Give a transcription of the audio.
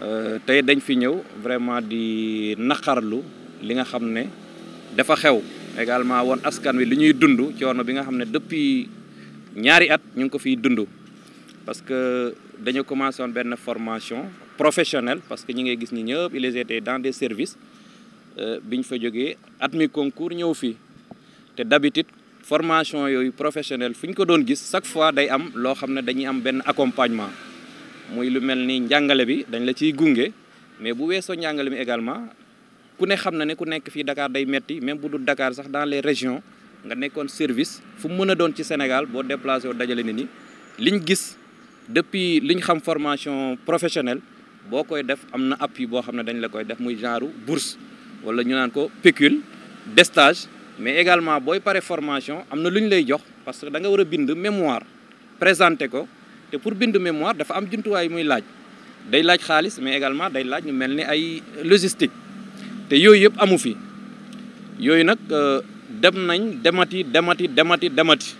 Euh, tey dañ fi ñëw vraiment di naqarlu li nga xam ne dafa xew également woon askan wi lu ñuy dund woon bi nga xam ne depuis ñaari at ñu ngi ko fiy dund parce que dañu commencé woon benn formation professionnel parce que ñu ngay gis ñi ñëpp ils étaient dans des services euh, biñ fa jógee at mi concours ñëw fii te d'habitude formation yooyu professionnel fu ñu ko doon gis chaque fois day am loo xam ne dañuy am benn accompagnement muy lu mel ni njàngale bi dañ la ciy gunge mais bu weesoo njàngale mi également ku ne xam na ne ku nekk fii Dakar day metti même bu dul Dakar sax dans les régions nga nekkoon service fu mu mën a doon ci Sénégal boo déplacé wu dajale ni ñi liñ gis depuis liñ xam formation professionnel boo koy def am na appui boo xam ne dañ la koy def muy genre bourse wala ñu ko pécule destage mais également booy pare formation am na lu ñu lay jox parce que danga war a bind mémoire présenté ko te pour bind mémoire dafa am juntuwaay muy laaj day laaj xaalis mais également day laaj ñu mel ni ay logistique te yooyu yëpp amu fi yooyu nag euh, dem nañ demati demati demati demati.